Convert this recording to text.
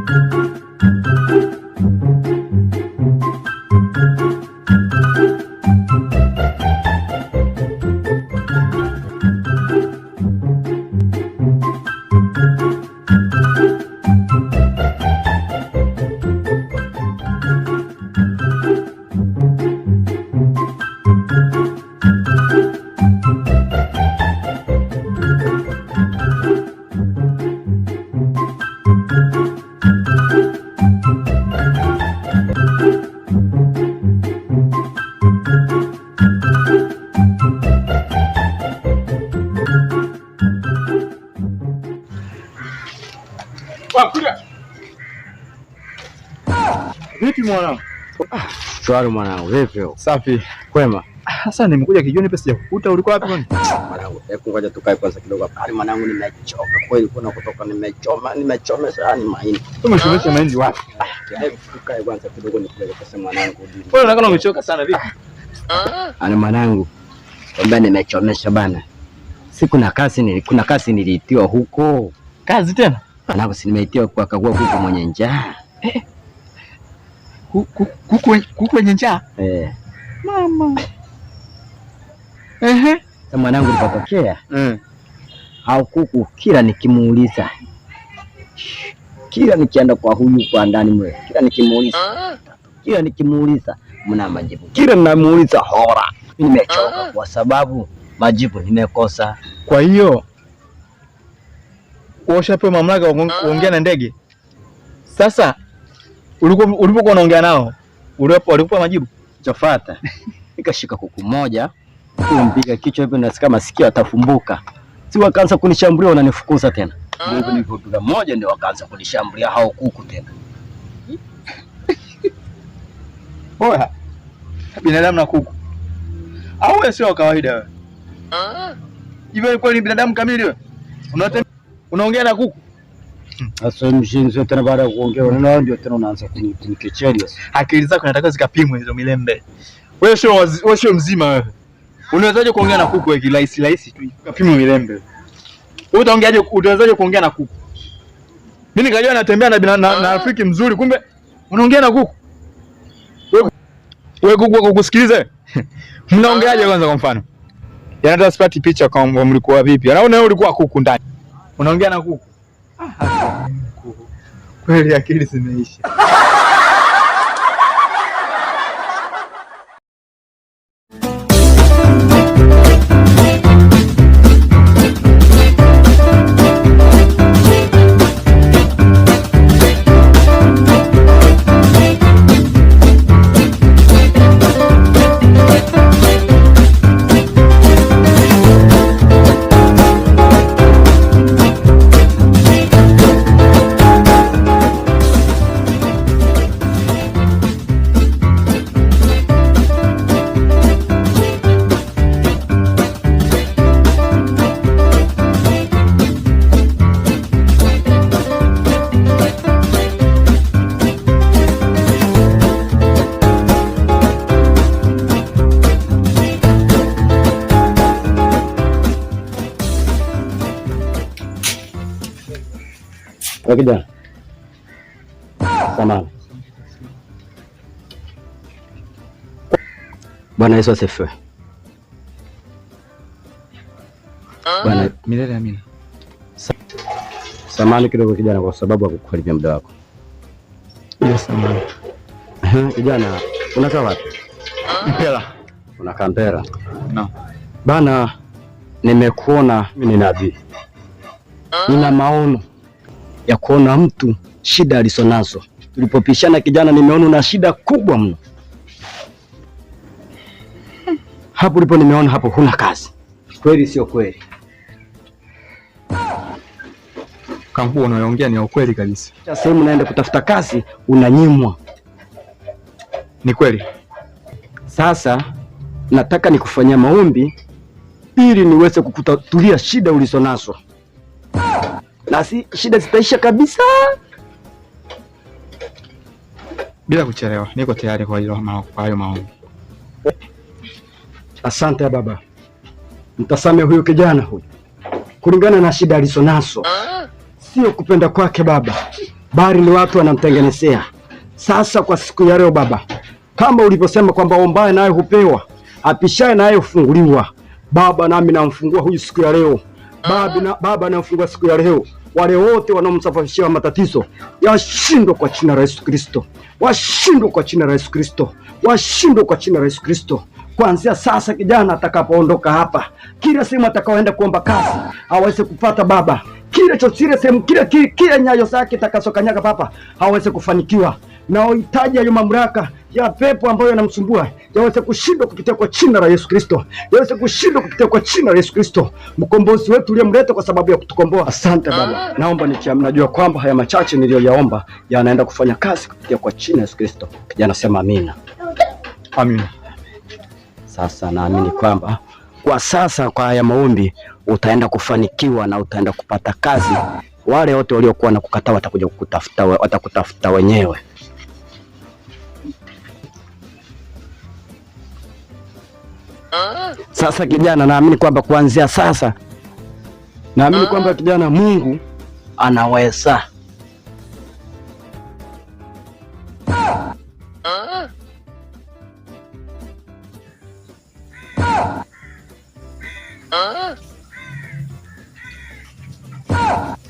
Thank you. Vipi mwanangu? Ah, shwari mwanangu, vipi? Safi. Kwema. Sasa nimekuja kijioni pesa ya kukuta, ulikuwa wapi kwani? Ah, mwanangu, hebu ngoja tukae kwanza kidogo hapa. Hali mwanangu, nimechoka kweli, kuna kutoka nimechoma, nimechoma sana ni mahindi. Umechomesha ah, mahindi wapi? Hebu tukae kwanza kidogo nikueleze pesa mwanangu. Wewe unaona umechoka sana vipi? Ah. Ana mwanangu. Kwamba nimechomesha bana. Siku na kasi kazi, kuna kasi niliitiwa huko. Kazi tena? Mwanangu, si nimeitiwa kuwakagua kuku mwenye njaa eh. eh. Kuku mwenye njaa eh. Mama ehe, mwanangu nilipotokea mm. au kuku kila nikimuuliza, kila nikienda kwa huyu kwa ndani mwe, kila nikimuuliza kila nikimuuliza mna majibu, kila ninamuuliza hora, nimechoka ah. kwa sababu majibu nimekosa, kwa hiyo washapewa mamlaka waongea ah. na ndege. Sasa ulipokuwa unaongea nao walikupa majibu Chafata nikashika kuku moja kumpiga kichwa hivyo, nasikia masikio atafumbuka, si wakaanza kunishambulia, wananifukuza tena Mungu nilipopiga moja ndio wakaanza kunishambulia hao kuku tena. Oya, binadamu na kuku au sio kawaida wewe? Ah. Hivi ni binadamu kamili wewe? Unaongea na kuku? Sasa mshenzi tena baada ya kuongea na nao ndio tena unaanza kunikechelia. Akili zako nataka zikapimwe hizo milembe. Wewe sio wewe sio mzima wewe. Unawezaje kuongea na kuku wewe kirahisi rahisi tu kapimwe milembe. Wewe utaongeaje utawezaje kuongea na kuku? Mimi nikajua natembea na na rafiki mzuri kumbe unaongea na kuku. wewe kuku wako kusikilize. Mnaongeaje kwanza kwa mfano? Yanataka sipati picha kwa mlikuwa vipi? Anaona yaani wewe ulikuwa kuku ndani. Unaongea na kuku? Ah, kuku. Kweli akili zimeisha. Wewe kijana, samahani. Bwana Yesu asifiwe. Ah. Bwana milele amina. Samahani kidogo kijana, kwa sababu hakukuharibia muda wako. Yes, samahani. Kijana, unakaa wapi? Ah. Mpera. Unakaa Mpera? No. Bana, nimekuona mimi ni nabii, ah. nina maono ya kuona mtu shida alizonazo. Tulipopishana kijana, nimeona una shida kubwa mno. Hapo ulipo nimeona hapo huna kazi. Kweli sio kweli? kangua unayoongea ni ya ukweli kabisa. Sehemu naenda kutafuta kazi unanyimwa. Ni kweli. Sasa nataka nikufanyia maombi ili niweze kukutatulia shida ulizonazo na si shida zitaisha kabisa bila kuchelewa. Niko tayari kwa hilo, kwa hayo maombi. Asante ya baba, mtasame huyu kijana huyu kulingana na shida alizonazo. Sio kupenda kwake baba, bali ni watu wanamtengenezea. Sasa kwa siku ya leo baba, kama ulivyosema kwamba ombaye naye hupewa, apishaye naye hufunguliwa. Baba nami namfungua huyu siku ya leo baba, na, baba namfungua siku ya leo wale wote wanaomsababishia matatizo yashindwe kwa jina la Yesu Kristo, washindwe kwa jina la Yesu Kristo, washindwe kwa jina la Yesu Kristo. Kuanzia sasa, kijana atakapoondoka hapa, kila sehemu atakaoenda kuomba kazi aweze kupata Baba, kile chochote sehemu kile kile nyayo zake takasokanyaga papa aweze kufanikiwa, na uhitaji hayo mamlaka ya pepo ambayo yanamsumbua yaweze kushindwa kupitia kwa jina la Yesu Kristo, yaweze kushindwa kupitia kwa jina la Yesu Kristo, mkombozi wetu uliyemleta kwa sababu ya kutukomboa. Asante Baba, naomba nikiamini, najua kwamba haya machache niliyoyaomba yanaenda kufanya kazi kupitia kwa jina la Yesu Kristo. Kijana sema amina. Amina. Sasa naamini kwamba kwa sasa kwa haya maombi utaenda kufanikiwa na utaenda kupata kazi. Wale wote waliokuwa na kukataa watakuja kukutafuta, watakutafuta wenyewe. Sasa kijana, naamini kwamba kuanzia sasa, naamini ah. kwamba kijana, Mungu anaweza. Ah. Ah.